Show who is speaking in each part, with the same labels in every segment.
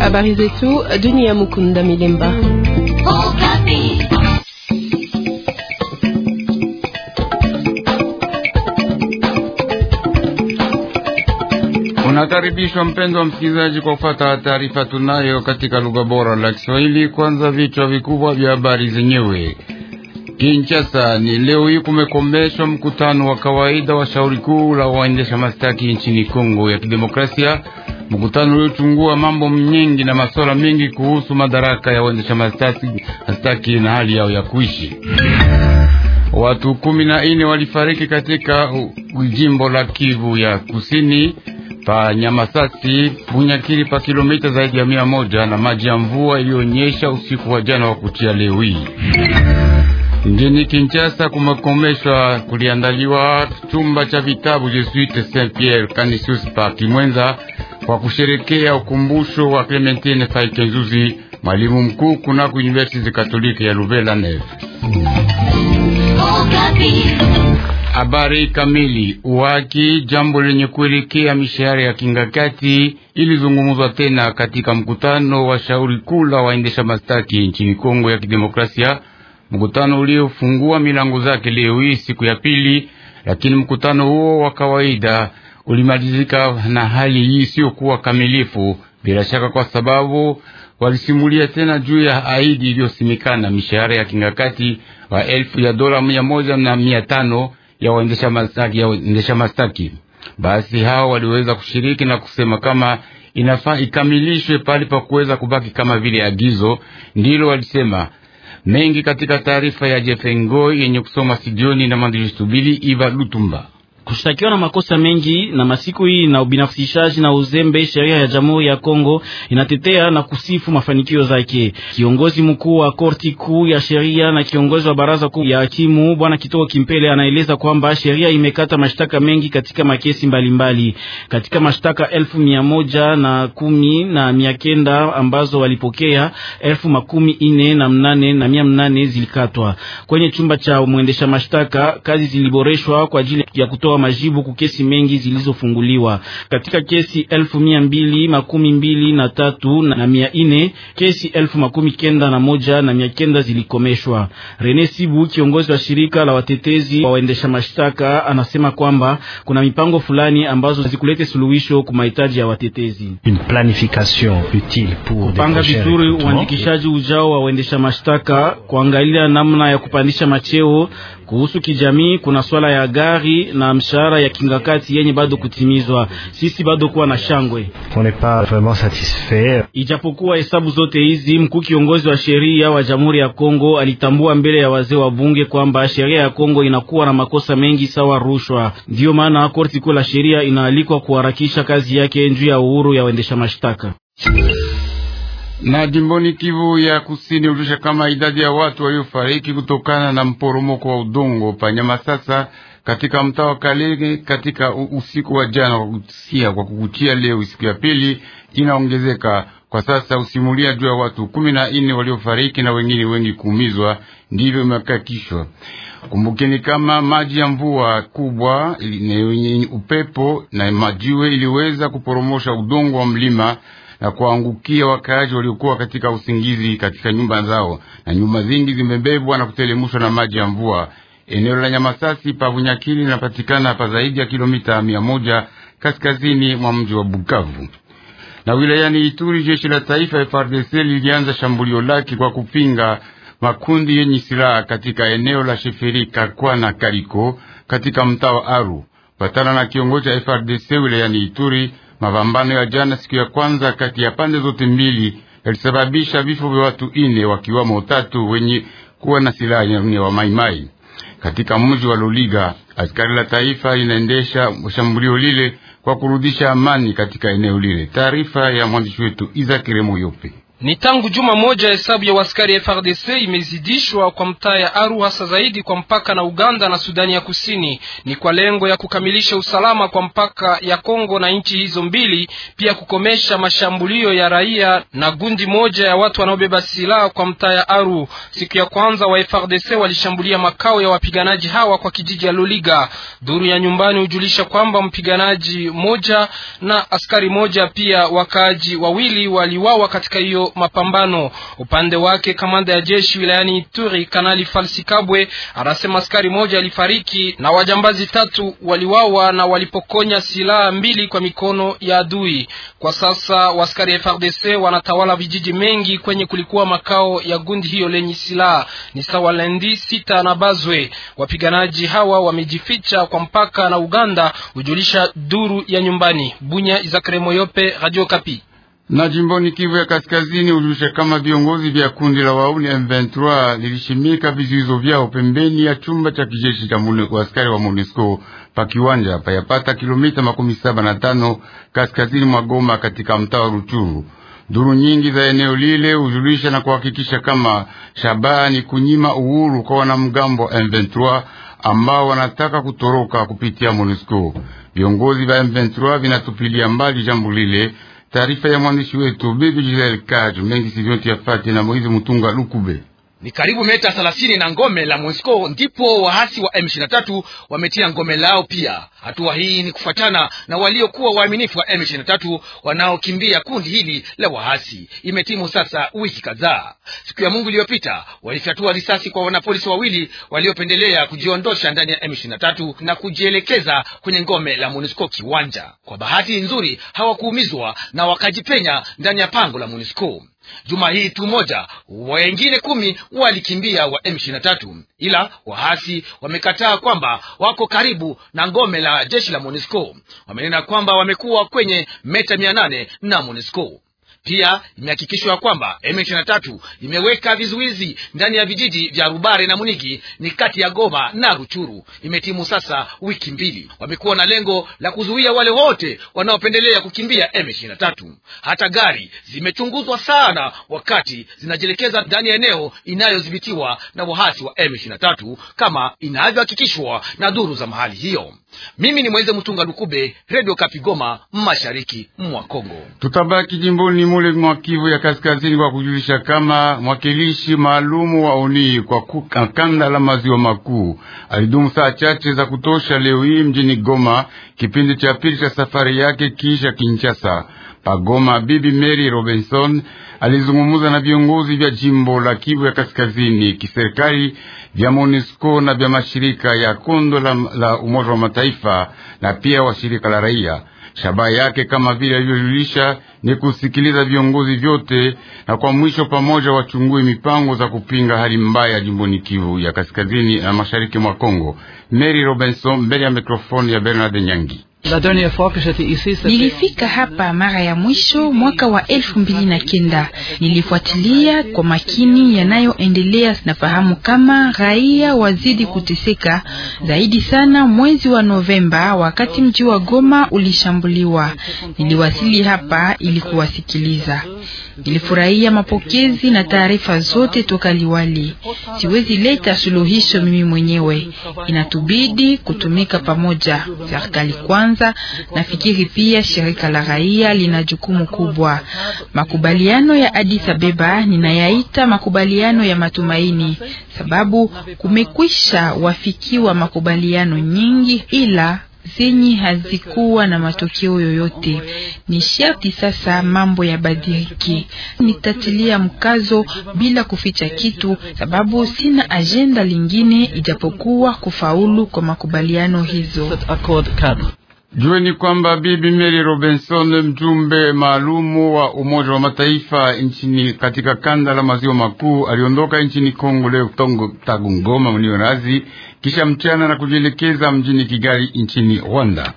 Speaker 1: Habari zetu dunia. Mukunda Milemba.
Speaker 2: Unakaribishwa mpendo wa msikilizaji kwa kufata taarifa tunayo katika lugha bora la Kiswahili. Kwanza vichwa vikubwa vya habari zenyewe. Kinshasa ni leo hii kumekomeshwa mkutano wa kawaida wa shauri kuu la waendesha mashtaki nchini Kongo ya Kidemokrasia, mkutano uliochungua mambo mengi na masuala mengi kuhusu madaraka ya waendesha mashtaki na hali yao ya kuishi. Watu kumi na nne walifariki katika jimbo la Kivu ya Kusini pa Nyamasasi bunyakiri pa kilomita zaidi ya mia moja na maji ya mvua iliyonyesha usiku wa jana wa kutia leo hii. Mjini Kinshasa kumekomeshwa kuliandaliwa chumba cha vitabu Jesuite Saint Pierre Canisius pa Kimwenza kwa kusherekea ukumbusho wa Clementine Faikenzuzi, mwalimu mkuu kunako University Katoliki ya Luvela Neve. Habari kamili uwaki jambo lenye kuelekea mishahara ya kingakati ilizungumzwa tena katika mkutano wa shauri kula waendesha mastaki nchini Kongo ya Kidemokrasia mkutano uliofungua milango zake leo hii siku ya pili, lakini mkutano huo wa kawaida ulimalizika na hali hii isiyokuwa kamilifu, bila shaka, kwa sababu walisimulia tena juu ya ahidi iliyosimikana mishahara ya kingakati wa elfu ya dola mia moja na mia tano ya waendesha mastaki, ya waendesha mastaki. Basi hao waliweza kushiriki na kusema kama inafaa ikamilishwe pale pa kuweza kubaki kama vile agizo ndilo walisema mengi katika taarifa ya Jefengo yenye kusoma sidioni na mwandishi Subili Iva Lutumba kushtakiwa na makosa mengi na masiku hii na
Speaker 3: ubinafsishaji na uzembe. Sheria ya Jamhuri ya Kongo inatetea na kusifu mafanikio zake. Kiongozi mkuu wa korti kuu ya sheria na kiongozi wa baraza kuu ya hakimu bwana Kitoko Kimpele anaeleza kwamba sheria imekata mashtaka mengi katika makesi mbalimbali mbali. Katika mashtaka elfu mia moja na kumi na mia kenda ambazo walipokea elfu makumi ine na mnane na mia mnane zilikatwa. Kwenye chumba cha mwendesha mashtaka kazi ziliboreshwa kwa ajili ya kutoa kutoa majibu kukesi mengi zilizofunguliwa katika kesi elfu mia mbili makumi mbili na tatu na mia ine kesi elfu makumi kenda na moja na mia kenda zilikomeshwa. Rene Sibu, kiongozi wa shirika la watetezi wa waendesha mashtaka, anasema kwamba kuna mipango fulani ambazo zikulete suluhisho kwa mahitaji ya watetezi, kupanga vizuri uandikishaji ujao wa waendesha mashtaka, kuangalia namna ya kupandisha macheo kuhusu kijamii, kuna swala ya gari na mshahara ya kingakati yenye bado kutimizwa. Sisi bado kuwa na shangwe, ijapokuwa hesabu zote hizi. Mkuu kiongozi wa sheria wa Jamhuri ya Kongo alitambua mbele ya wazee wa bunge kwamba sheria ya Kongo inakuwa na makosa mengi sawa rushwa. Ndiyo maana korti kuu la sheria inaalikwa kuharakisha
Speaker 2: kazi yake juu ya uhuru ya waendesha mashtaka. Na jimboni Kivu ya Kusini ulisha kama idadi ya watu waliofariki kutokana na mporomoko wa udongo panyama sasa katika mtaa wa katika usiku wa jana wa kutia kwa kukuchia leo siku ya pili inaongezeka kwa sasa usimulia juu ya watu kumi na nne waliofariki na wengine wengi kuumizwa, ndivyo imehakikishwa. Kumbukeni kama maji ya mvua kubwa yenye upepo na majiwe iliweza kuporomosha udongo wa mlima na kuangukia wakaaji waliokuwa katika usingizi katika nyumba zao, na nyumba zingi zimebebwa na kutelemushwa na maji ya mvua. Eneo la Nyamasasi pavunyakili linapatikana pa zaidi ya kilomita mia moja kaskazini mwa mji wa Bukavu. Na wilayani Ituri, jeshi la taifa FRDC lilianza shambulio lake kwa kupinga makundi yenye silaha katika eneo la Sheferi kwa na Kariko katika mtaa wa Aru. Patana na kiongozi wa FRDC wilayani Ituri Mapambano ya jana siku ya kwanza kati ya pande zote mbili yalisababisha vifo vya watu ine wakiwamo tatu wenye kuwa na silaha ni wa maimai katika mji wa Luliga. Askari la taifa linaendesha shambulio lile kwa kurudisha amani katika eneo lile. Taarifa ya mwandishi wetu Izakiremo Yope.
Speaker 4: Ni tangu juma moja hesabu ya waskari FRDC imezidishwa kwa mtaa ya Aru, hasa zaidi kwa mpaka na Uganda na Sudani ya Kusini. Ni kwa lengo ya kukamilisha usalama kwa mpaka ya Kongo na nchi hizo mbili, pia kukomesha mashambulio ya raia na gundi moja ya watu wanaobeba silaha kwa mtaa ya Aru. Siku ya kwanza wa FRDC walishambulia makao ya wapiganaji hawa kwa kijiji ya Loliga. Duru ya nyumbani hujulisha kwamba mpiganaji moja na askari moja pia wakaaji wawili waliwawa katika hiyo mapambano. Upande wake kamanda ya jeshi wilayani Ituri Kanali Falsi Kabwe anasema askari moja alifariki na wajambazi tatu waliwawa na walipokonya silaha mbili kwa mikono ya adui. Kwa sasa waskari FRDC wanatawala vijiji mengi kwenye kulikuwa makao ya gundi hiyo lenye silaha ni sawa Lendi sita na Bazwe. Wapiganaji hawa wamejificha kwa mpaka na Uganda, hujulisha duru ya nyumbani. Bunya Izakremo Yope, Radio Kapi
Speaker 2: na jimboni Kivu ya Kaskazini ujulisha kama viongozi vya kundi la wauni M23 lilishimika vizuizo vyao pembeni ya chumba cha kijeshi cha askari wa MONUSCO pa kiwanja payapata kilomita makumi saba na tano kaskazini mwa Goma katika mtaa wa Ruchuru. Duru nyingi za eneo lile hujulisha na kuhakikisha kama shabaha ni kunyima uhuru kwa wanamgambo wa M23 ambao wanataka kutoroka kupitia MONUSCO. Viongozi vya M23 vinatupilia mbali jambo lile Taarifa ya mwandishi wetu Bibi Jilel Kaj mengi sivyoti yafate na Moizi Mutunga Lukube
Speaker 5: ni karibu meta thelathini na ngome la MONUSCO ndipo waasi wa M23 wametia ngome lao pia. Hatua hii ni kufuatana na waliokuwa waaminifu wa M23 wanaokimbia kundi hili la waasi. Imetimu sasa wiki kadhaa. Siku ya Mungu iliyopita walifyatua risasi kwa wanapolisi wawili waliopendelea kujiondosha ndani ya M23 na kujielekeza kwenye ngome la MONUSCO kiwanja. Kwa bahati nzuri hawakuumizwa na wakajipenya ndani ya pango la MONUSCO. Juma hii tu moja wengine kumi walikimbia wa m tatu ila waasi wamekataa kwamba wako karibu na ngome la jeshi la monesco Wamenena kwamba wamekuwa kwenye meta mia nane na monesco pia imehakikishwa kwamba M23 imeweka vizuizi ndani ya vijiji vya Rubare na Munigi ni kati ya Goma na Ruchuru. Imetimu sasa wiki mbili, wamekuwa na lengo la kuzuia wale wote wanaopendelea kukimbia M23. Hata gari zimechunguzwa sana wakati zinajielekeza ndani ya eneo inayodhibitiwa na waasi wa M23 kama inavyohakikishwa na duru za mahali hiyo. Mimi ni Mweze Mtunga Lukube, Redio Kapigoma, mashariki
Speaker 2: mwa Kongo. Tutabaki jimboni mule mwa Kivu ya Kaskazini kwa kujulisha kama mwakilishi maalumu wa Oni kwa kanda la maziwa makuu alidumu saa chache za kutosha leo hii mjini Goma, kipindi cha pili cha safari yake kisha Kinshasa. Pagoma, Bibi Mary Robinson alizungumza na viongozi vya jimbo la Kivu ya Kaskazini, kiserikali, vya MONUSCO na vya mashirika ya kondo la, la Umoja wa Mataifa na pia washirika la raia. Shabaha yake kama vile alivyojulisha ni kusikiliza viongozi vyote na kwa mwisho pamoja wachungue mipango za kupinga hali mbaya jimboni Kivu ya Kaskazini na mashariki mwa Kongo. Mary Robinson mbele ya mikrofoni ya Bernard Nyangi.
Speaker 1: Nilifika hapa mara ya mwisho mwaka wa elfu mbili na kenda. Nilifuatilia kwa makini yanayoendelea. Nafahamu kama raia wazidi kuteseka zaidi sana mwezi wa Novemba, wakati mji wa Goma ulishambuliwa. Niliwasili hapa ili kuwasikiliza. Nilifurahia mapokezi na taarifa zote toka Liwali. Siwezi leta suluhisho mimi mwenyewe, inatubidi kutumika pamoja, serikali kwanza kwanza, nafikiri pia shirika la raia lina jukumu kubwa. Makubaliano ya Addis Abeba ninayaita makubaliano ya matumaini, sababu kumekwisha wafikiwa makubaliano nyingi ila zenye hazikuwa na matokeo yoyote. Ni sharti sasa mambo ya badiriki Nitatilia mkazo bila kuficha kitu, sababu sina ajenda lingine ijapokuwa kufaulu kwa makubaliano hizo.
Speaker 2: Jueni kwamba Bibi Mary Robinson, mjumbe maalumu wa Umoja wa Mataifa nchini katika kanda la maziwa makuu, aliondoka nchini Kongo leo tangu Ngoma razi, kisha mchana na kujielekeza mjini Kigali nchini Rwanda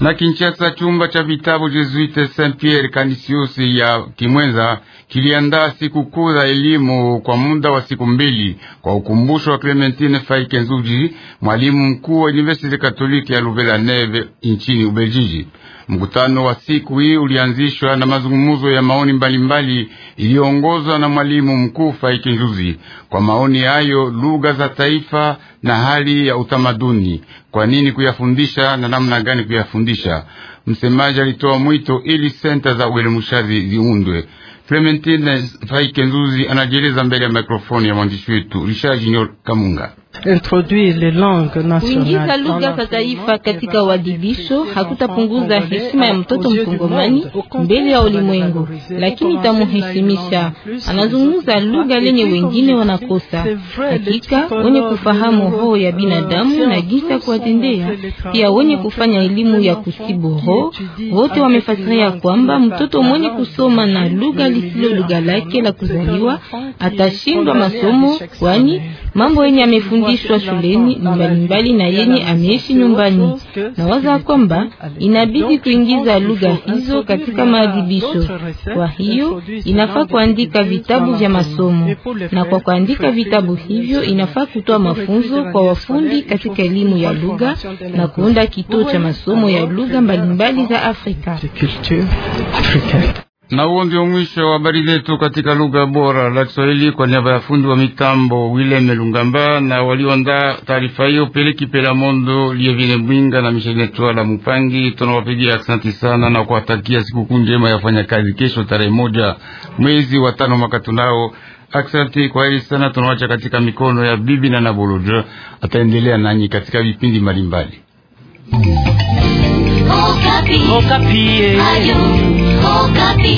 Speaker 2: na Kinshasa. Chumba cha vitabu Jesuite Saint Pierre Canisius ya Kimwenza kiliandaa siku kuu za elimu kwa muda wa siku mbili kwa ukumbusho wa Clementine Faike Nzuji, mwalimu mkuu wa University Katoliki ya luvela Neve nchini ubeljiji Mkutano wa siku hii ulianzishwa na mazungumzo ya maoni mbalimbali iliyoongozwa na mwalimu mkuu Faike Nzuji. Kwa maoni hayo, lugha za taifa na hali ya utamaduni, kwa nini kuyafundisha na namna gani kuyafundisha. Msemaji alitoa mwito ili senta za uelimushaji ziundwe. Clementine Faikenzuzi anajieleza mbele ya mikrofoni ya mwandishi wetu Richard Junior Kamunga.
Speaker 4: Kuingiza lugha za
Speaker 1: taifa katika uadibisho hakutapunguza heshima ya mtoto mkongomani mbele ya ulimwengu, lakini itamuheshimisha. Anazungumza lugha lenye wengine wanakosa. Hakika wenye kufahamu roho ya binadamu na jinsi ya kuwatendea, pia wenye kufanya elimu ya kusibu roho, wote wamefasiria kwamba mtoto mwenye kusoma na lugha lisilo lugha lake la kuzaliwa atashindwa masomo, kwani mambo yenye amefundishwa kurudishwa shuleni mbalimbali na yenye ameishi nyumbani. Nawaza kwamba inabidi kuingiza lugha hizo katika maadhibisho. Kwa hiyo inafaa kuandika vitabu vya masomo, na kwa kuandika vitabu hivyo inafaa kutoa mafunzo kwa wafundi katika elimu ya lugha na kuunda kituo cha masomo ya lugha mbalimbali za
Speaker 4: Afrika.
Speaker 2: Na huo ndio mwisho wa habari zetu katika lugha bora la Kiswahili kwa niaba ya fundi wa mitambo Willem Lungamba na walioandaa taarifa hiyo Peleki Pela Mondo, Lievine Bwinga na Micheline Twala Mupangi. Tunawapigia asante sana na kuwatakia sikukuu njema ya fanya kazi kesho tarehe moja mwezi wa tano mwaka tunao. Aksanti kwa heri sana, tunawacha katika mikono ya bibi na Nabolojo ataendelea nanyi katika vipindi mbalimbali.
Speaker 3: Okapi.